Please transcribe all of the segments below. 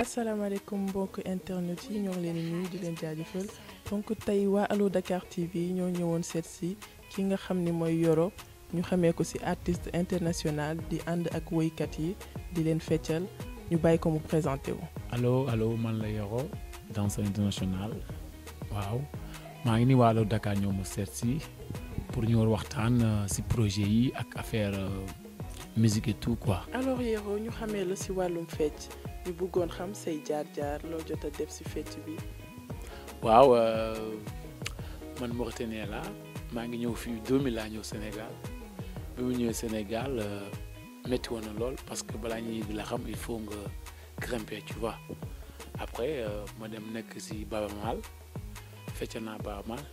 asalaamaaleykum mbokk internet yi ñoo ngi leen di nuyu di leen jaajëfal donc tey waa Allo Dakar TV ñoo ñëwoon seet si ki nga xam ni mooy Yoro ñu xamee ko ci artiste international di ànd ak woykat yi di leen feccal ñu bàyyi ko mu présenté wu. allo allo man la Yoro danseur international waaw maa ngi ni waa Allo Dakar ñoo mu pour ñu war waxtaan euh, si projet yi ak affaire euh, musique et tout quoi. alors Yoro ñu xamé la ci walum fecc ñu bëggoon xam say jaar-jaar lo jota def ci fecc bi. waaw euh, man Mauritanie la ma ngi ñëw fi 2000 laa ñëw Sénégal bi mu ñëwee Sénégal métti woon lool parce que balaa ñuy bi la xam il faut nga grimper tu vois après ma dem nekk si Baaba Maal fecc naa Baaba Maal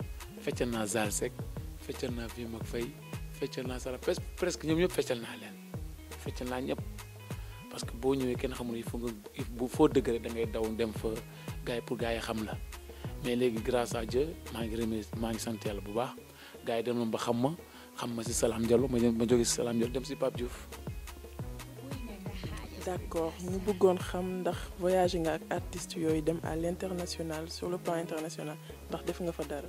feccal na fii mak fay feccal na sara presque ñom ñëpp feccal na leen feccal na ñëpp parce que bo ñëwé kenn xamul fu nga bu fo dëgg rek da ngay daw dem fa gaay pour gaay xam la mais légui grâce à Dieu ma ngi remé ma ngi sant yàlla bu baax gaay yi dem ba xam ma xam ma ci Salam Diallo ma ma jóge si Salam Diallo dem ci pap Diouf. d'accord ñu bëggoon xam ndax voyage nga ak artiste yooyu dem à l'international sur le plan international ndax def nga fa dara.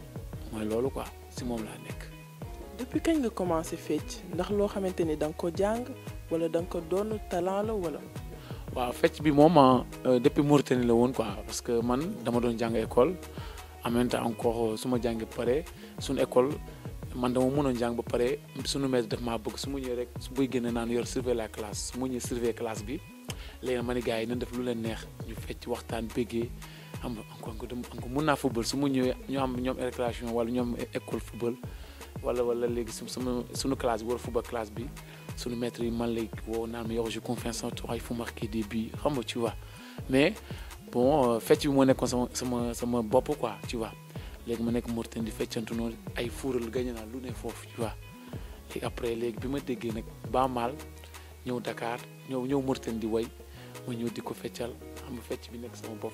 quoi depuis quand nga commencé à ndax suis xamanteni dang ko jang wala dang ko talent wala. Ah, euh, depuis suis la won quoi parce que man dama don jang école en même temps encore euh, suma ma paré école man dama ba bëgg rek buy naan yor la classe mu suis classe bi léegi def lu leen neex ñu xam nga encore encore mën football su ma ñëwee ñu am ñoom récréation wala ñoom école football wala wala léegi su sama suñu classe bi wala football classe bi suñu maître yi man lay woo naan ma yow j'ai confiance en toi il faut marquer des buts xam tu vois mais bon euh, fait bi moo nekkoon comme sama sama bopp quoi tu vois léegi ma nekk Mauritanie di feccantu noonu ay fuural gañe naa lu ne foofu tu vois et après léegi bi ma déggee nag ba mal ñëw Dakar ñëw ñëw Mauritanie di way ma ñëw di ko feccal xam fecc bi nek sama bopp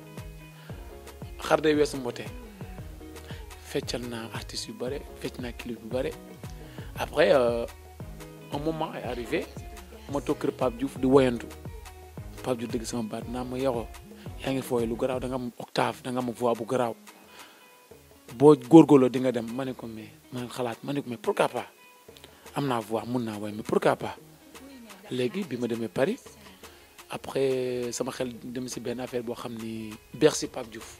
xar day weesu mbote feccal na artiste yu bari fecc na clip yu bari après euh, un moment est arrivé ma toog kër Diouf di woyandu pap Diouf deug sama baat naa ma yaxoo yaa ngi foy lu graw da nga am octave da nga am voix bu garaaw boo góorgóorloo di nga dem ma ko mais ma xalaat ko pourquoi pas am voix mun na woy mais pourquoi pas légui bima démé Paris après sama xel dem ci ben affaire bo xamni ni Bercy Pape Diouf.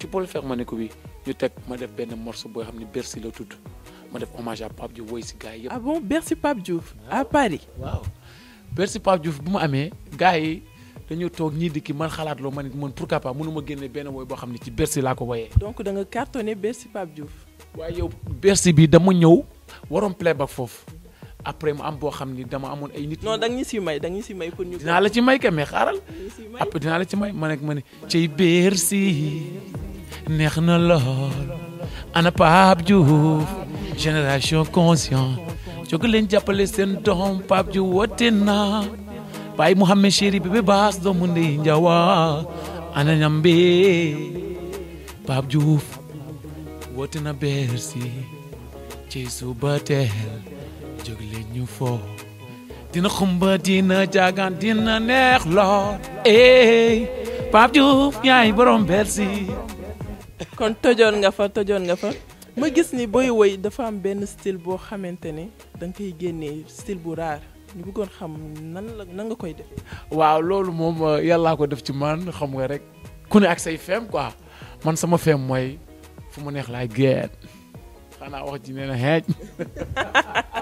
ci peux feex ma ko bi ñu tek ma def ben morceau boo xamni ne Bercy la tudd ma def hommage à Pape Diouf woy si yi ah bon Bercy Pape Diouf. à Paris waaw. Bercy Pape Diouf bu mu amee gars yi dañoo toog ñii ki man xalaat lo man ne man pourquoi pas mënu ma génne benn woy boo xam ci Bercy la ko woyee. donc da nga cartonné Bercy Pape Diouf. waaye yow Bercy bi dama ñëw waroon playback foofu. après mu am boo xam ni dama amoon ay nit. non da nga ñu si may da nga ñu si may pour ñu. la ci may kay mais xaaral. la ci may ma nekk ma ne. ci biir si na lool ana Pape Diouf génération conscient jóg leen jàppale seen doom Pape Diouf woote na Baye Mouhamed Chéri bébé baas doomu ndey njawa ana ñambe Pape Diouf woote na biir si ci jóg leen ñu foo dina xumba dina jaagaan dina neex lool ey Pape yaay borom Bercy kon tojoon nga fa tojoon nga fa ma gis ni booy woy dafa am benn style boo xamante ne da nga koy génnee bu rare ñu bëggoon xam nan la nan nga koy def waaw loolu moom euh, yàllaa ko def ci man xam nga rek ku ne ak say feem quoi man sama feem mooy fu mu neex laay géet xanaa wax ji nee na xeej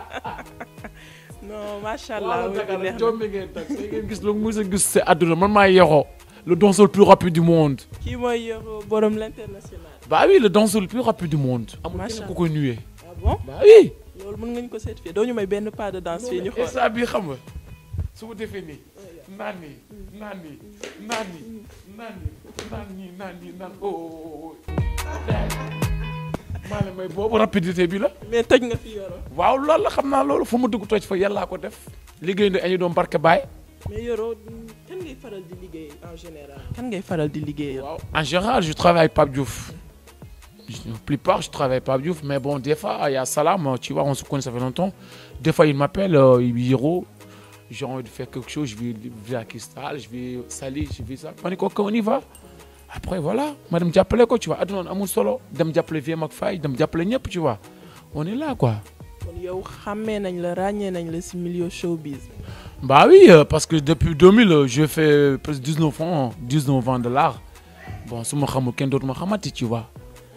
non macha allah jombi ngeen tag tey ngeen gis lu mu mës gis si àdduna man maa yexoo le danseur le plus rapide du monde. kii mooy yexoo borom l'international. bah oui le danseur le plus rapide du monde. amul kenn ku koy nuyee. ah, ah bon bah oui. loolu mën nga ñu ko certifié doo ñu may benn pas de danse fii ñu xool instant bii xam nga su ma defee nii nani, nani, nani, nani, nani. nii naan nii oh. oh, oh, oh rapidité bi la. mais tej nga fi yoro. waaw lool la xamna naa loolu fu mu dugg toj fa yalla ko def. faire. ndi ay doom barke bay mais yoro kan ngay faral di liggéey en général. kan ngay faral di liggéey. waaw en général je travaille pas Diouf. la plupart je travaille pas Diouf mais bon des fois il y a Salam tu vois on se connaît ça fait longtemps des fois il m'appelle euh, Yoro j'ai envie de faire quelque chose je vais à Cristal je vais salir, je vais ça on y va après voilà ma dem quoi ko tu vois adduna woon amul solo dem jàppale Vieux Mac Faye dem jàppale tu vois on est là quoi. y a eu nañ la ràññee nañ la si milieu showbiz. bah oui euh, parce que depuis 2000 je fais presque 19 ans 19 hein, ans de l'art bon su ma xamul kenn dootu xamati tu vois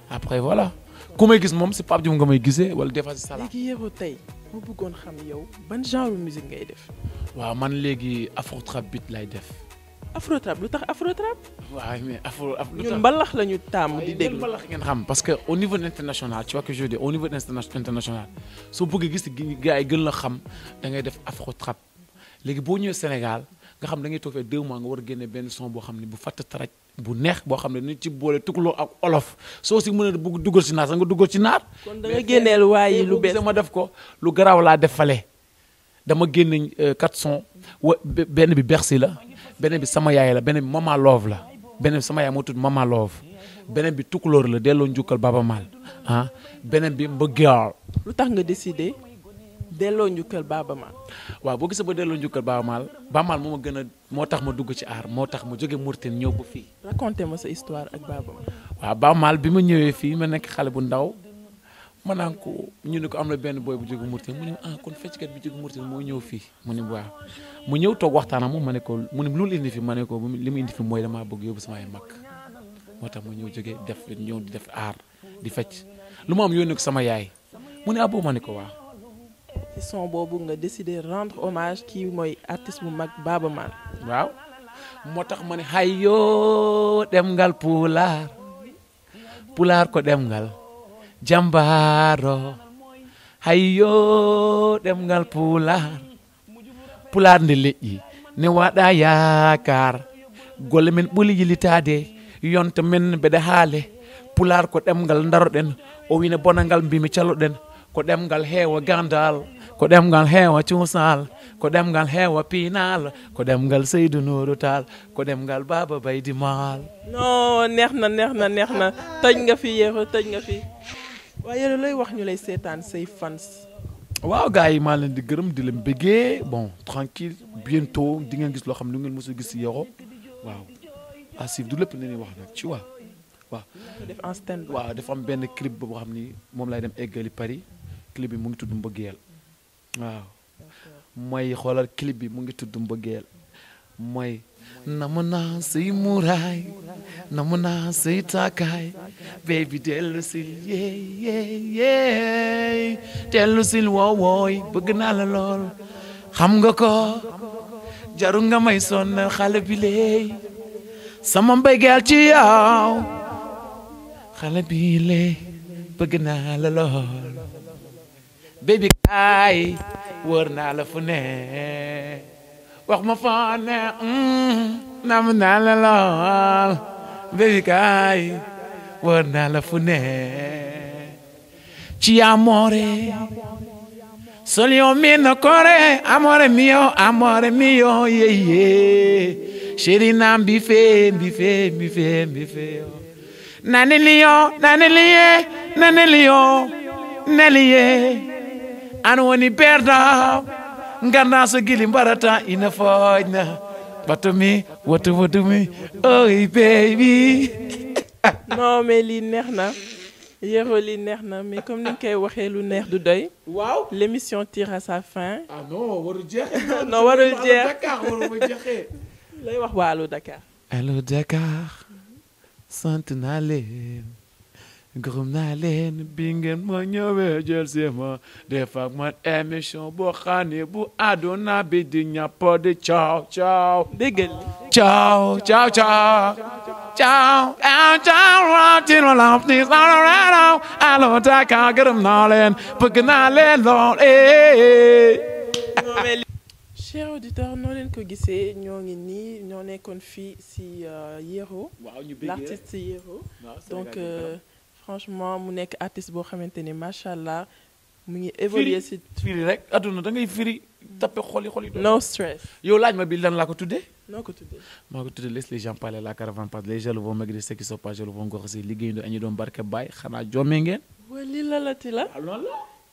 après voilà Comment may gis moom si Pape Diouf nga may gisee wala des fois si Salah. léegi yow tey ma bëggoon xam yow ban genre musique ngay def. Wa man léegi afro trap beat lay def afro trap lu afro trap. Oui, mais afro ñun mbalax lañu tam di dégg ñun xam parce que au niveau international tu vois que je dis au niveau international so bëggee gis gars gën la xam da ngay def afro trap léegi boo au Sénégal nga xam da ngay tofé deux mois nga war a ben son bo xamni bu taraj bu neex bo xamni ni ci boole ak olof so si mëna ci naar nga duggal ci naar. kon da nga gënël way lu sama def ko lu graw def dama euh, quatre sons bi bersi la. beneen bi sama yaay la beneen bi mama love la beneen bi sama yaay moo tudd mama love beneen bi tukulóor la delloo njukkal Baaba Maal ah. beneen bi mbëggeel. lu tax nga décidé delloo njukkal Baaba Maal. waaw boo gisee ba delloo njukkal Baaba Maal moo ma gën a moo tax ma dugg ci aar moo tax ma jóge Mourtine ñëw ba fii. raconté ma sa histoire ak Baaba waaw Baaba bi ma ñëwee fii ma nekk xale bu ndaw. ma naan ko ñu ne ko am na benn booy bu jógu Mourtine mu ne ah kon fecckat bi jógu Mourtine moo ñëw fii mu ne waaw mu ñëw toog waxtaan ak moom ma ne ko mu ne lu indi fi ma ne ko li mu indi fi mooy damaa bëgg yóbbu samay mag moo tax ma ñëw jógee def ñëw di def aar di fecc lu ma am yónnee ko sama yaay mu ne aboo ah, ma ne ko waa ci son boobu nga décidé rendre hommage kii mooy artiste bu mag Baaba Maal. waaw moo tax ma ne xayoo dem ngal pulaar pulaar ko dem ngal. Jambaro, hayo demgal pular pular nde leƴƴi ne ya yakar golle men buli yilitade yonta men mbeɗa hale pular ko ndaro den, o wina bonangal chalo den ko ɗemgal heewa gandal ko ɗemgal heewa cuusal ko ɗemgal heewa pinal ko ɗemgal seydu nuru tal ko ɗemgal baba baydi mal no nekhna na nekhna na na nga fi yeho tagn nga fi waaye yéen lay wax ñu lay seetaan say fans. waaw gars yi maa leen di gërëm di leen bëggee bon tranquille bientôt di ngeen gis loo xam lu ngeen mos a gis si Yoro waaw asif ah, du lépp nañuy wax nag ci waa waaw. def en stand dafa am benn clip boo xam ni moom laay dem eggali Paris clip bi mu ngi tudd Mbëggeel waaw. mooy xoolal clip bi mu ngi tudd Mbëggeel mooy. namu naa say muraay namu naa say taakaay baby dellu sil yeey yeey bëgg naa la lool xam nga ko jaru nga may sonn xale bi léey sama ci yow xale bi léey bëgg na la lool kaay wër naa la fu ne wax ma fane mm, nam naa la lool bébi kaay war naa la fu ne ci amore soli o mino core amore mio amore mio yeah yeah chéri nam bi fe bi fe bi fe bi fe nani lio nani lie nani lio nani lie anwoni perda nganaaso gili mbarata batumi watu watumi oh baby non mais li li mais comme ni kay waxe lu du tire à sa fin. ah non waru dire. non waru jex Dakar warul Dakar. allo Dakar Grumnalen bingen leen bi eh, eh, eh. euh, l'artiste donc franchement mu nek artiste bo xamanteni machallah macha mu ngi évoluer ci firi rek aduna da ngay firi. tapé xoli xoli no stress. Yo laaj ma bi lan laa ko Non, noo ko tuddee. maa ko laisse les gens parler la caravane passe les gens vont maigrir ceux qui sont pas jaloux vont grossir liggéey ñu doon barke baay xanaa jommee ngeen. waa lii la la ti la. Ah,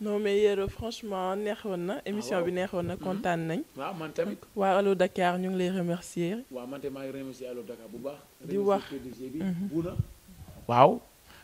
non mais hier, franchement neexoon na émission ah, bi neexoon na contane mhm. nañ. wa man tamit. wa Allo Dakar ñu ngi lay remercier. wa man tamit maa remercier Allo Dakar bu baax. di wax di wax. Mhm. waaw.